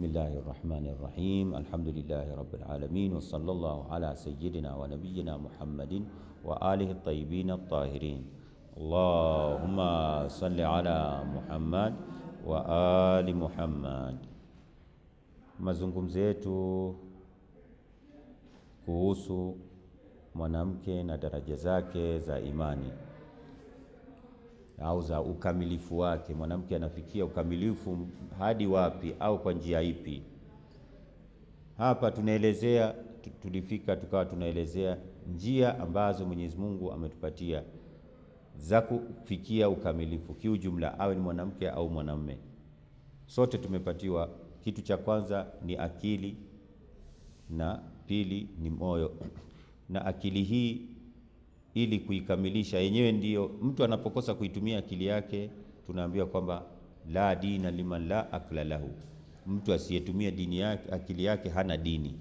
بسم الله الرحمن الرحيم الحمد لله رب العالمين وصلى الله على سيدنا ونبينا محمد وآله الطيبين الطاهرين اللهم صل على محمد وآل محمد ما زنكم زيتو كوسو na daraja زائماني au za ukamilifu wake, mwanamke anafikia ukamilifu hadi wapi au kwa njia ipi? Hapa tunaelezea tulifika, tukawa tunaelezea njia ambazo Mwenyezi Mungu ametupatia za kufikia ukamilifu kiujumla, awe ni mwanamke au mwanamume, sote tumepatiwa. Kitu cha kwanza ni akili na pili ni moyo, na akili hii ili kuikamilisha yenyewe. Ndiyo mtu anapokosa kuitumia akili yake, tunaambiwa kwamba la dina liman la akla lahu, mtu asiyetumia dini yake, akili yake hana dini.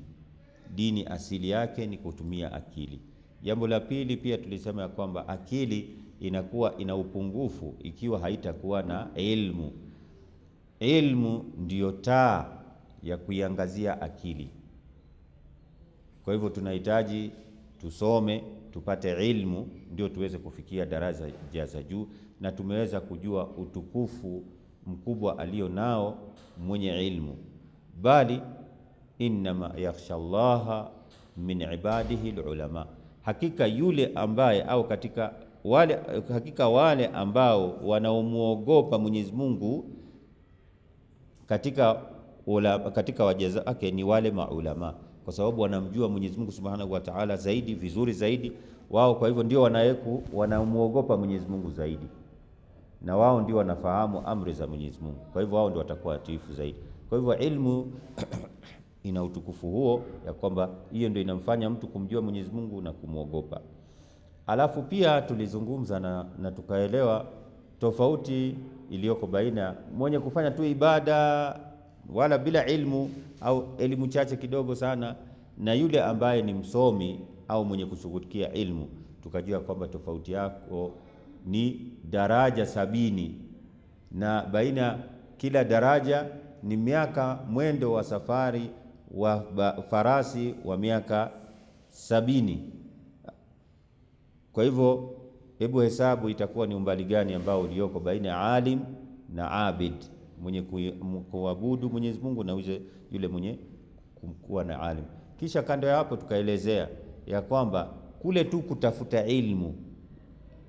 Dini asili yake ni kutumia akili. Jambo la pili pia tulisema ya kwamba akili inakuwa ina upungufu ikiwa haitakuwa na ilmu. Ilmu ndiyo taa ya kuiangazia akili. Kwa hivyo tunahitaji tusome tupate ilmu ndio tuweze kufikia daraja za juu, na tumeweza kujua utukufu mkubwa alio nao mwenye ilmu, bali innama yakhsha llaha min ibadihi alulama, hakika yule ambaye au katika wale, hakika wale ambao wanaomwogopa Mwenyezi Mungu katika, katika waja zake ni wale maulama kwa sababu wanamjua Mwenyezi Mungu Subhanahu wa Ta'ala zaidi vizuri zaidi wao, kwa hivyo ndio wanaeku wanamuogopa Mwenyezi Mungu zaidi, na wao ndio wanafahamu amri za Mwenyezi Mungu, kwa hivyo wao ndio watakuwa watiifu zaidi. Kwa hivyo ilmu ina utukufu huo, ya kwamba hiyo ndio inamfanya mtu kumjua Mwenyezi Mungu na kumwogopa. Alafu pia tulizungumza na, na tukaelewa tofauti iliyoko baina mwenye kufanya tu ibada wala bila ilmu au elimu chache kidogo sana, na yule ambaye ni msomi au mwenye kushughulikia ilmu, tukajua kwamba tofauti yako ni daraja sabini na baina kila daraja ni miaka mwendo wa safari wa farasi wa miaka sabini. Kwa hivyo hebu hesabu itakuwa ni umbali gani ambao ulioko baina ya alim na abid mwenye kuabudu Mwenyezi Mungu na yule mwenye kuwa na alim. Kisha kando ya hapo tukaelezea ya kwamba kule tu kutafuta ilmu,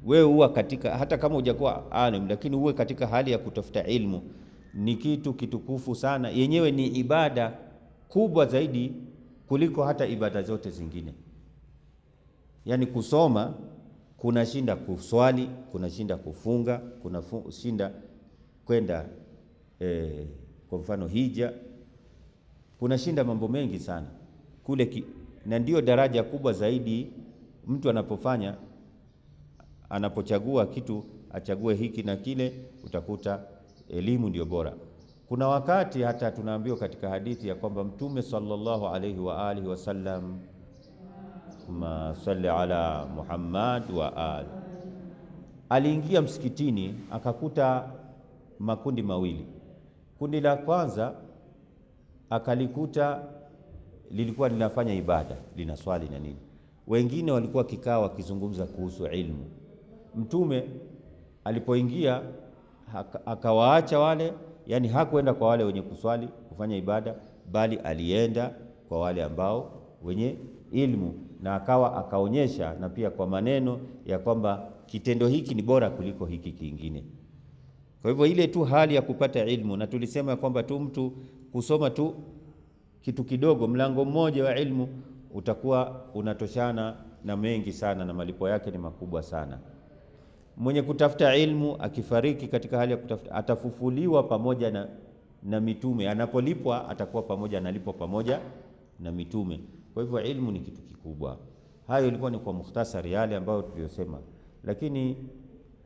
wewe huwa katika, hata kama hujakuwa alim, lakini uwe katika hali ya kutafuta ilmu ni kitu kitukufu sana, yenyewe ni ibada kubwa zaidi kuliko hata ibada zote zingine. Yaani kusoma kunashinda kuswali, kunashinda kufunga, kunashinda kwenda eh, kwa mfano hija, kunashinda mambo mengi sana kule ki, na ndio daraja kubwa zaidi mtu anapofanya anapochagua kitu achague hiki na kile, utakuta elimu ndio bora. Kuna wakati hata tunaambiwa katika hadithi ya kwamba Mtume sallallahu alaihi wa alihi wasallam, ma salli ala Muhammad wa ali, aliingia msikitini akakuta makundi mawili Kundi la kwanza akalikuta lilikuwa linafanya ibada, linaswali na nini, wengine walikuwa kikaa wakizungumza kuhusu ilmu. Mtume alipoingia akawaacha wale, yani hakuenda kwa wale wenye kuswali kufanya ibada, bali alienda kwa wale ambao wenye ilmu, na akawa akaonyesha na pia kwa maneno ya kwamba kitendo hiki ni bora kuliko hiki kingine. Kwa hivyo ile tu hali ya kupata ilmu, na tulisema kwamba tu mtu kusoma tu kitu kidogo, mlango mmoja wa ilmu utakuwa unatoshana na mengi sana, na malipo yake ni makubwa sana. Mwenye kutafuta ilmu akifariki katika hali ya kutafuta, atafufuliwa pamoja na, na mitume. Anapolipwa atakuwa pamoja, analipwa pamoja na mitume. Kwa hivyo ilmu ni kitu kikubwa. Hayo ilikuwa ni kwa mukhtasari yale ambayo tuliyosema, lakini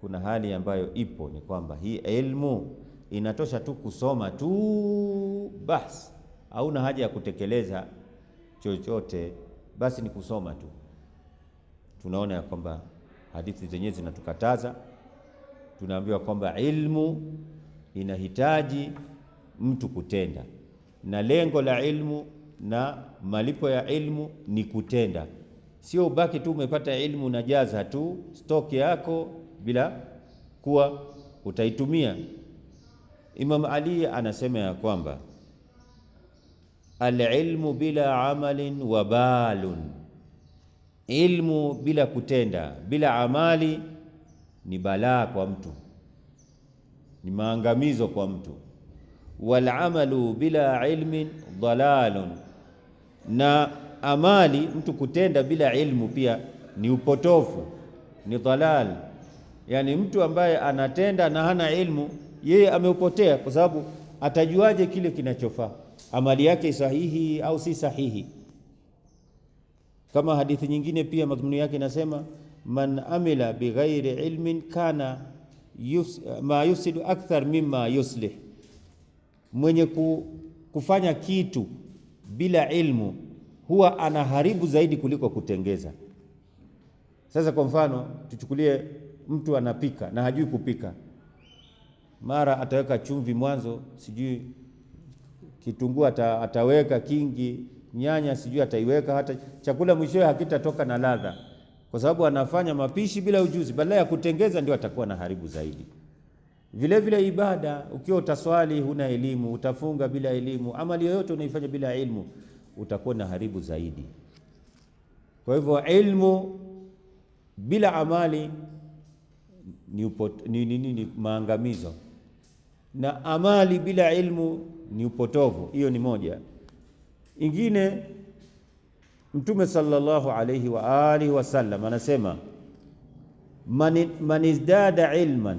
kuna hali ambayo ipo ni kwamba hii elmu inatosha tu kusoma tu basi, hauna haja ya kutekeleza chochote, basi ni kusoma tu. Tunaona ya kwamba hadithi zenyewe zinatukataza, tunaambiwa kwamba ilmu inahitaji mtu kutenda, na lengo la ilmu na malipo ya ilmu ni kutenda, sio ubaki tu umepata ilmu na jaza tu stoki yako bila kuwa utaitumia. Imam Ali anasema ya kwamba alilmu bila amalin wabalun, ilmu bila kutenda, bila amali ni balaa kwa mtu, ni maangamizo kwa mtu. Walamalu bila ilmin dalalun, na amali mtu kutenda bila ilmu pia ni upotofu, ni dalal Yaani mtu ambaye anatenda na hana ilmu, yeye ameupotea, kwa sababu atajuaje kile kinachofaa, amali yake sahihi au si sahihi? Kama hadithi nyingine pia madhumuni yake inasema, man amila bighairi ilmin kana yus, ma yufsidu akthar mimma yuslih, mwenye kufanya kitu bila ilmu huwa anaharibu zaidi kuliko kutengeza. Sasa kwa mfano tuchukulie mtu anapika na hajui kupika, mara ataweka chumvi mwanzo, sijui kitunguu ata, ataweka kingi, nyanya sijui ataiweka, hata chakula mwishowe hakitatoka na ladha, kwa sababu anafanya mapishi bila ujuzi. Badala ya kutengeza, ndio atakuwa na haribu zaidi. Vilevile vile ibada, ukiwa utaswali huna elimu, utafunga bila elimu, amali yoyote unaifanya bila ilmu, utakuwa na haribu zaidi. Kwa hivyo ilmu bila amali ni, upot, ni, ni, ni, ni maangamizo na amali bila ilmu ni upotovu. Hiyo ni moja ingine. Mtume sallallahu alayhi wa alihi wasallam anasema man, man izdada ilman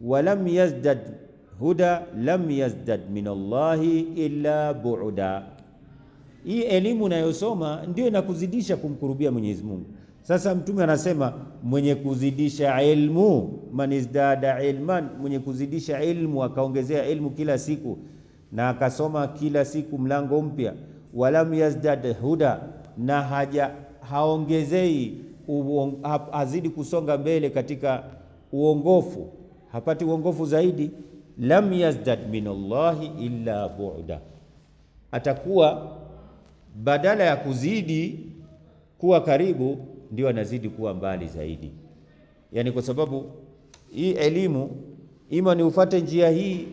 wa lam yazdad huda lam yazdad min Allahi illa buuda. Hii elimu unayosoma ndio inakuzidisha kumkurubia Mwenyezi Mungu. Sasa Mtume anasema mwenye kuzidisha ilmu, man izdada ilman, mwenye kuzidisha ilmu akaongezea ilmu kila siku na akasoma kila siku mlango mpya, walam yazdad huda, na haja haongezei uong, ha, hazidi kusonga mbele katika uongofu, hapati uongofu zaidi, lam yazdad min illa bu'da, atakuwa badala ya kuzidi kuwa karibu ndio anazidi kuwa mbali zaidi, yaani kwa sababu hii elimu ima ni ufate njia hii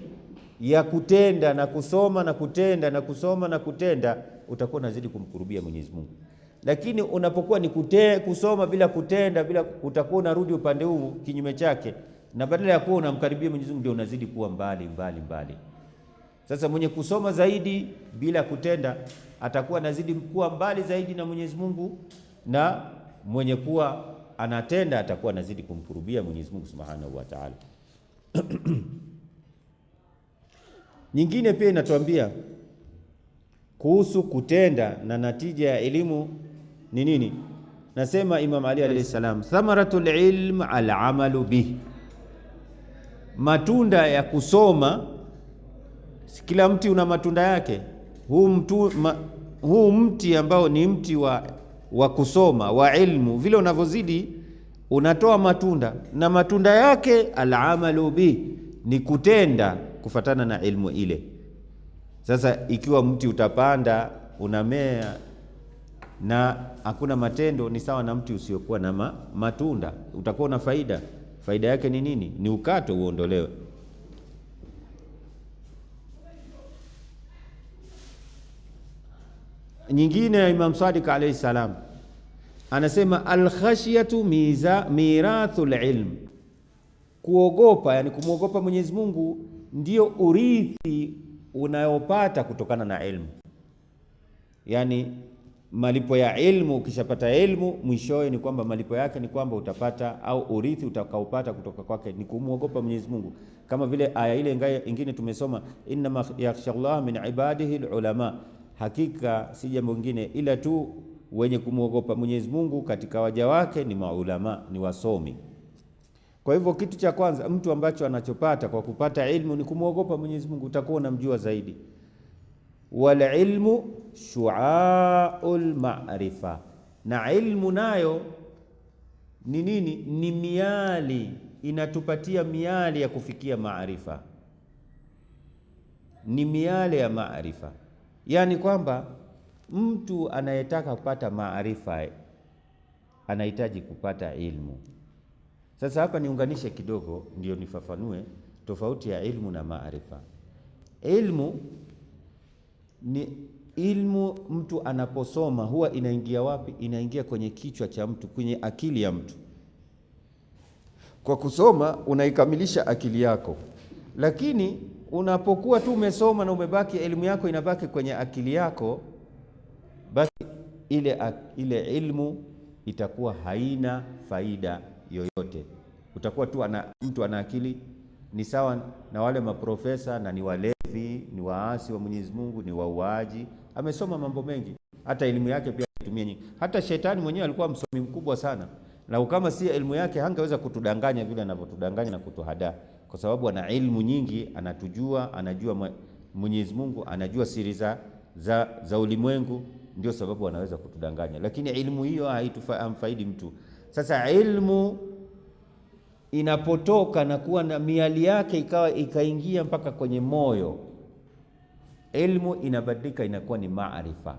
ya kutenda na kusoma na kutenda na kusoma na kutenda, utakuwa unazidi kumkurubia Mwenyezi Mungu. Lakini unapokuwa ni kute, kusoma bila kutenda bila, utakuwa unarudi upande huu kinyume chake, na badala ya kuwa unamkaribia Mwenyezi Mungu ndio unazidi kuwa mbali mbali mbali. Sasa mwenye kusoma zaidi bila kutenda atakuwa anazidi kuwa mbali zaidi na Mwenyezi Mungu na mwenye kuwa anatenda atakuwa anazidi kumkurubia Mwenyezi Mungu Subhanahu wa Ta'ala. Nyingine pia inatuambia kuhusu kutenda na natija ya elimu ni nini? Nasema Imam Ali alayhi salam, thamaratul ilm alamalu bihi matunda ya kusoma. Kila mti una matunda yake. Huu, mtu, ma, huu mti ambao ni mti wa wa kusoma wa ilmu, vile unavyozidi unatoa matunda, na matunda yake alamalu bi ni kutenda kufatana na ilmu ile. Sasa ikiwa mti utapanda unamea na hakuna matendo, ni sawa na mti usiokuwa na matunda. Utakuwa na faida, faida yake ni nini? Ni ukato uondolewe. nyingine ya Imam Sadiq alayhi salam anasema alkhashyatu mirathul ilm, kuogopa yani kumwogopa Mwenyezi Mungu ndio urithi unayopata kutokana na ilmu, yani malipo ya ilmu. Ukishapata ilmu, mwishowe ni kwamba malipo yake ni kwamba utapata au urithi utakaopata kutoka kwake ni kumwogopa Mwenyezi Mungu, kama vile aya ile ingine tumesoma, innama Allah min ibadihi alulama hakika si jambo lingine ila tu wenye kumwogopa Mwenyezi Mungu katika waja wake ni maulama, ni wasomi. Kwa hivyo kitu cha kwanza mtu ambacho anachopata kwa kupata ilmu ni kumwogopa Mwenyezi Mungu, utakuwa unamjua zaidi. Wal ilmu shuaul ma'rifa, na ilmu nayo ni nini? Ni miali, inatupatia miali ya kufikia maarifa, ni miale ya maarifa yaani kwamba mtu anayetaka kupata maarifa anahitaji kupata ilmu. Sasa hapa niunganishe kidogo, ndio nifafanue tofauti ya ilmu na maarifa. Ilmu ni ilmu, mtu anaposoma huwa inaingia wapi? Inaingia kwenye kichwa cha mtu, kwenye akili ya mtu. Kwa kusoma unaikamilisha akili yako, lakini unapokuwa tu umesoma na umebaki elimu yako inabaki kwenye akili yako, basi ile, ile ilmu itakuwa haina faida yoyote. Utakuwa tu ana, mtu ana akili ni sawa na wale maprofesa na ni walevi, ni waasi wa Mwenyezi Mungu, ni wauaji. Amesoma mambo mengi, hata elimu yake pia aitumia nyingi. Hata shetani mwenyewe alikuwa msomi mkubwa sana, na kama si elimu yake hangeweza kutudanganya vile anavyotudanganya na kutuhadaa kwa sababu ana ilmu nyingi, anatujua, anajua Mwenyezi Mungu, anajua siri za, za, za ulimwengu. Ndio sababu anaweza kutudanganya, lakini ilmu hiyo haitufaidi mtu. Sasa ilmu inapotoka na kuwa na miali yake ikawa ikaingia mpaka kwenye moyo, ilmu inabadilika inakuwa ni maarifa.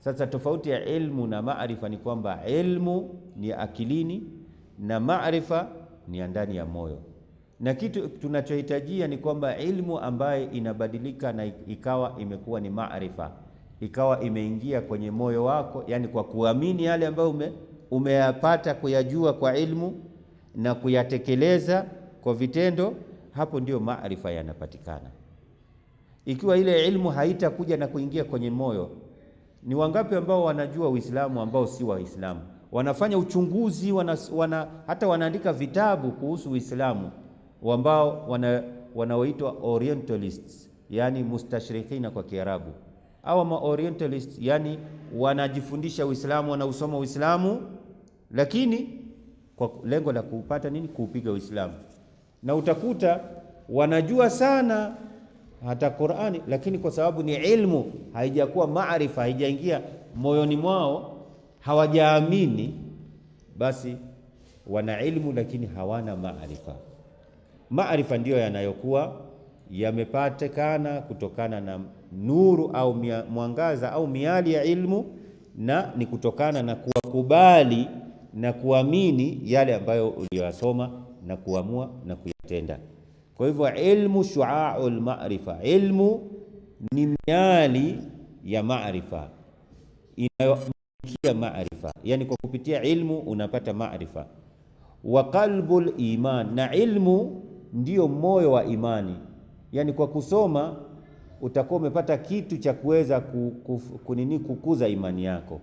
Sasa tofauti ya ilmu na maarifa ni kwamba ilmu ni akilini na maarifa ni ndani ya moyo na kitu tunachohitajia ni kwamba ilmu ambayo inabadilika na ikawa imekuwa ni maarifa, ikawa imeingia kwenye moyo wako, yani kwa kuamini yale ambayo ume, umeyapata kuyajua kwa ilmu na kuyatekeleza kwa vitendo, hapo ndio maarifa yanapatikana. Ikiwa ile ilmu haitakuja na kuingia kwenye moyo, ni wangapi ambao wanajua Uislamu ambao si Waislamu, wanafanya uchunguzi wana, wana, hata wanaandika vitabu kuhusu Uislamu ambao wana, wanaoitwa orientalists yani mustashrikina kwa Kiarabu au ma orientalists yani wanajifundisha Uislamu, wanausoma Uislamu lakini kwa lengo la kupata nini? Kuupiga Uislamu. Na utakuta wanajua sana hata Qur'ani, lakini kwa sababu ni ilmu haijakuwa maarifa, haijaingia moyoni mwao, hawajaamini, basi wana ilmu lakini hawana maarifa maarifa ndiyo yanayokuwa yamepatikana kutokana na nuru au mwangaza au miali ya ilmu, na ni kutokana na kuwakubali na kuamini yale ambayo uliyoyasoma na kuamua na kuyatenda. Kwa hivyo ilmu shuaul ma'rifa, ilmu ni miali ya maarifa inayomilikia maarifa, yani kwa kupitia ilmu unapata maarifa. Wa qalbul iman, na ilmu ndiyo moyo wa imani. Yaani kwa kusoma utakuwa umepata kitu cha kuweza kunini kukuza imani yako.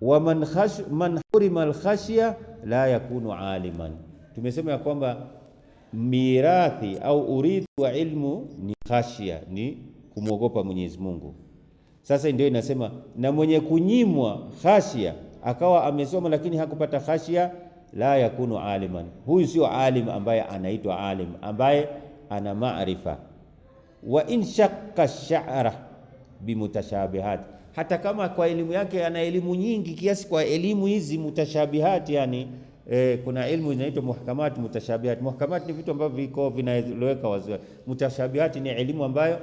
wa man khash man hurima alkhashya la yakunu aliman. Tumesema ya kwamba mirathi au urithi wa ilmu ni khashya, ni kumwogopa Mwenyezi Mungu. Sasa ndio inasema na mwenye kunyimwa khashya akawa amesoma lakini hakupata khashya la yakunu aliman, huyu sio alim ambaye anaitwa alim, ambaye ana maarifa. Wa in shakka sha'ra bimutashabihat, hata kama kwa elimu yake ana elimu nyingi kiasi kwa elimu hizi mutashabihat, yani e, kuna elimu inaitwa muhkamat, mutashabihat. Muhkamat ni vitu ambavyo viko vinaeleweka wazi, mutashabihat ni elimu ambayo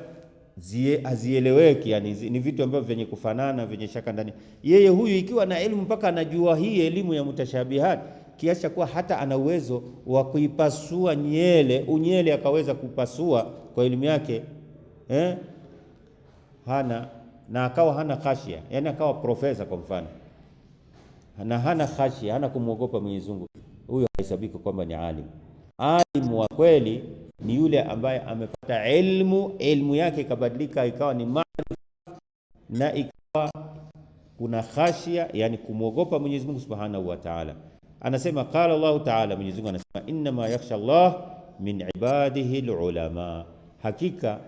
hazieleweki yani, ni vitu ambavyo vyenye kufanana vyenye shaka ndani. Yeye huyu ikiwa na elimu mpaka anajua hii elimu ya mutashabihat kiasi cha kuwa hata ana uwezo wa kuipasua nyele, unyele akaweza kupasua kwa elimu yake eh? hana na akawa hana khashia, yani akawa profesa kwa mfano, na hana khashia, hana kumwogopa Mwenyezi Mungu, huyo hahesabiki kwamba ni alim. Alimu wa kweli ni yule ambaye amepata elmu elmu yake ikabadilika ikawa ni maarifa na ikawa kuna khashia, yani kumwogopa Mwenyezi Mungu Subhanahu wa Ta'ala anasema qala Allahu taala, Mwenyezi Mungu anasema innama yakhsha Allah min ibadihi alulama, hakika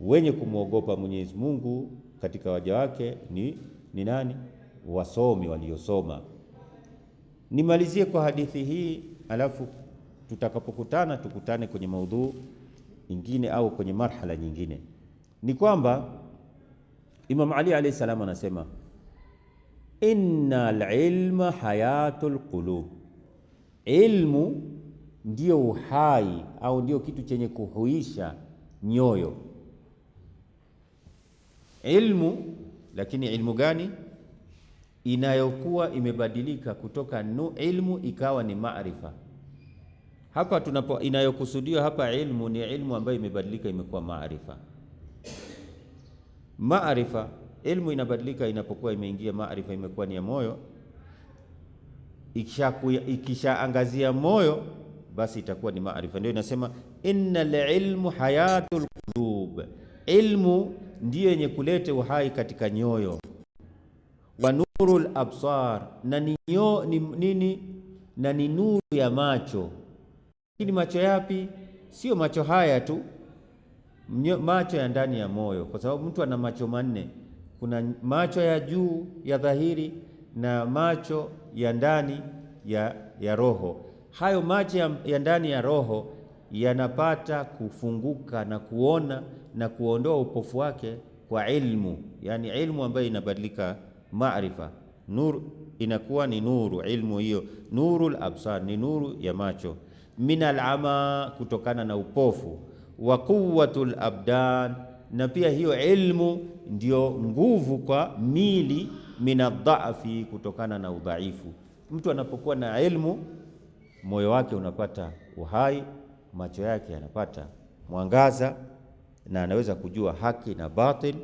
wenye kumwogopa Mwenyezi Mungu katika waja wake ni, ni nani? Wasomi waliosoma. Nimalizie kwa hadithi hii, alafu tutakapokutana tukutane kwenye maudhu nyingine au kwenye marhala nyingine. Ni kwamba Imam Ali alayhi salam anasema innal ilma hayatul qulub, ilmu ndio uhai au ndio kitu chenye kuhuisha nyoyo. Ilmu lakini ilmu gani? Inayokuwa imebadilika kutoka nu ilmu ikawa ni maarifa. Hapa tunapo inayokusudiwa hapa ilmu ni ilmu ambayo imebadilika imekuwa maarifa maarifa ilmu inabadilika inapokuwa imeingia maarifa, imekuwa ni ya moyo. Ikishaangazia ikisha moyo, basi itakuwa ni maarifa. Ndio inasema inna lilmu hayatul qulub, ilmu ndiyo yenye kuleta uhai katika nyoyo. Wa nurul absar, na ni nini? Na ni nuru ya macho. Lakini macho yapi? Sio macho haya tu, macho ya ndani ya moyo, kwa sababu mtu ana macho manne kuna macho ya juu ya dhahiri na macho ya ndani ya, ya roho. Hayo macho ya, ya ndani ya roho yanapata kufunguka na kuona na kuondoa upofu wake kwa ilmu, yani ilmu ambayo inabadilika maarifa. Nur inakuwa ni nuru, ilmu hiyo nurul absar, ni nuru ya macho. Min ama, kutokana na upofu. Wa quwwatul abdan na pia hiyo ilmu ndio nguvu kwa mili minadhaafi, kutokana na udhaifu. Mtu anapokuwa na ilmu, moyo wake unapata uhai, macho yake yanapata mwangaza, na anaweza kujua haki na batil,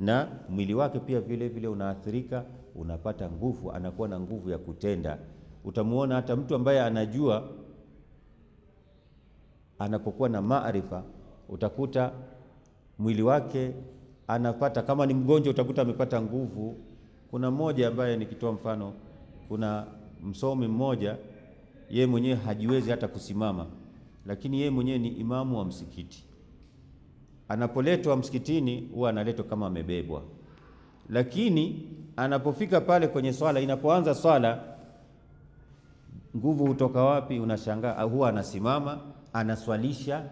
na mwili wake pia vile vile unaathirika, unapata nguvu, anakuwa na nguvu ya kutenda. Utamuona hata mtu ambaye anajua anapokuwa na maarifa utakuta mwili wake anapata, kama ni mgonjwa utakuta amepata nguvu. Kuna mmoja ambaye nikitoa mfano, kuna msomi mmoja yeye mwenyewe hajiwezi hata kusimama, lakini yeye mwenyewe ni imamu wa msikiti. Anapoletwa msikitini huwa analetwa kama amebebwa, lakini anapofika pale kwenye swala, inapoanza swala, nguvu hutoka wapi? Unashangaa, huwa anasimama anaswalisha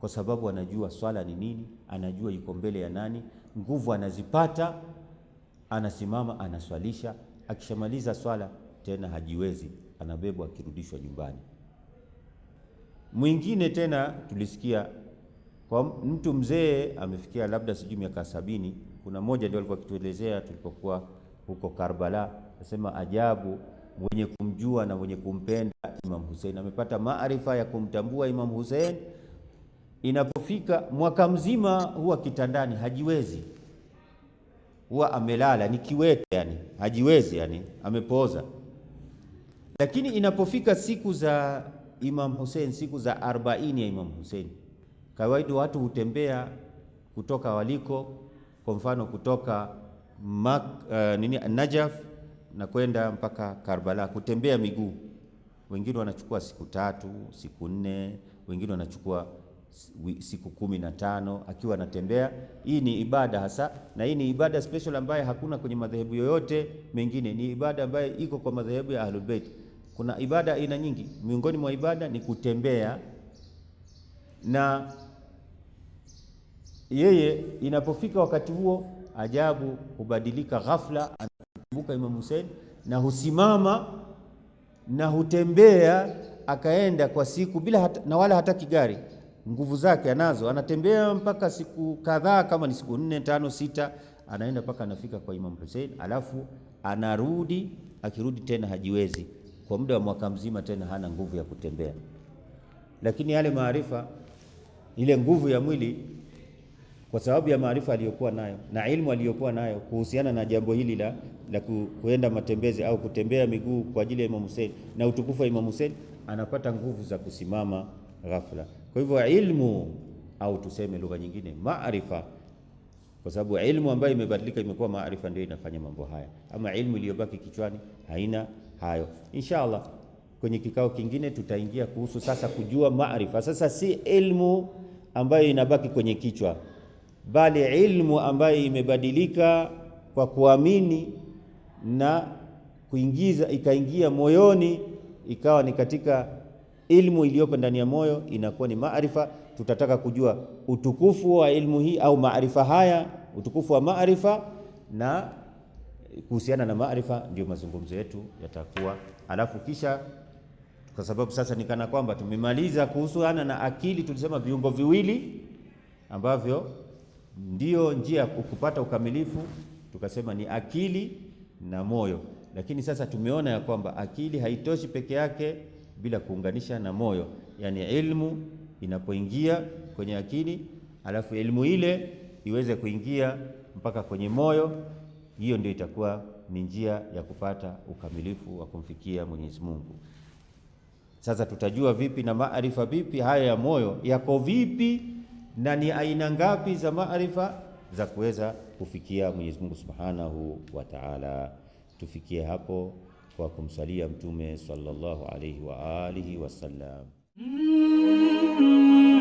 kwa sababu anajua swala ni nini, anajua yuko mbele ya nani, nguvu anazipata, anasimama anaswalisha. Akishamaliza swala tena hajiwezi, anabebwa akirudishwa nyumbani. Mwingine tena tulisikia kwa mtu mzee amefikia labda sijui miaka sabini. Kuna mmoja ndio alikuwa akituelezea tulipokuwa huko Karbala, anasema ajabu, mwenye kumjua na mwenye kumpenda Imam Hussein amepata maarifa ya kumtambua Imam Hussein Inapofika mwaka mzima huwa kitandani, hajiwezi, huwa amelala, ni kiwete yani, hajiwezi yani, amepooza. Lakini inapofika siku za Imam Hussein, siku za arobaini ya Imam Hussein, kawaida watu hutembea kutoka waliko, kwa mfano kutoka Mak, uh, nini Najaf na kwenda mpaka Karbala kutembea miguu. Wengine wanachukua siku tatu, siku nne, wengine wanachukua siku kumi na tano akiwa anatembea. Hii ni ibada hasa, na hii ni ibada special ambayo hakuna kwenye madhehebu yoyote mengine. Ni ibada ambayo iko kwa madhehebu ya Ahlul Bait. Kuna ibada aina nyingi, miongoni mwa ibada ni kutembea, na yeye inapofika wakati huo ajabu hubadilika ghafla, anakumbuka Imam Hussein na husimama na hutembea akaenda kwa siku bila hata, na wala hata kigari nguvu zake anazo, anatembea mpaka siku kadhaa, kama ni siku nne tano sita, anaenda mpaka anafika kwa Imam Hussein, alafu anarudi. Akirudi tena hajiwezi kwa muda wa mwaka mzima, tena hana nguvu ya kutembea, lakini yale maarifa, ile nguvu ya mwili, kwa sababu ya maarifa aliyokuwa nayo na ilmu aliyokuwa nayo kuhusiana na jambo hili la la kuenda matembezi au kutembea miguu kwa ajili ya Imam Hussein na utukufu wa Imam Hussein, anapata nguvu za kusimama ghafla. Kwa hivyo ilmu au tuseme lugha nyingine maarifa, kwa sababu ilmu ambayo imebadilika imekuwa maarifa, ndio inafanya mambo haya. Ama ilmu iliyobaki kichwani haina hayo. Inshallah kwenye kikao kingine tutaingia kuhusu sasa kujua maarifa. Sasa si ilmu ambayo inabaki kwenye kichwa, bali ilmu ambayo imebadilika kwa kuamini na kuingiza, ikaingia moyoni, ikawa ni katika ilmu iliyopo ndani ya moyo inakuwa ni maarifa. Tutataka kujua utukufu wa ilmu hii au maarifa haya, utukufu wa maarifa na kuhusiana na maarifa, ndio mazungumzo yetu yatakuwa. Alafu kisha kwa sababu sasa kana kwamba tumemaliza kuhusiana na akili, tulisema viungo viwili ambavyo ndio njia ya kupata ukamilifu, tukasema ni akili na moyo, lakini sasa tumeona ya kwamba akili haitoshi peke yake bila kuunganisha na moyo. yani ilmu inapoingia kwenye akili, alafu ilmu ile iweze kuingia mpaka kwenye moyo, hiyo ndio itakuwa ni njia ya kupata ukamilifu wa kumfikia Mwenyezi Mungu. Sasa tutajua vipi na maarifa vipi? Haya ya moyo yako vipi na ni aina ngapi za maarifa za kuweza kufikia Mwenyezi Mungu Subhanahu wa Ta'ala? Tufikie hapo kwa kumsalia Mtume sallallahu alaihi wa alihi wasallam. Mm.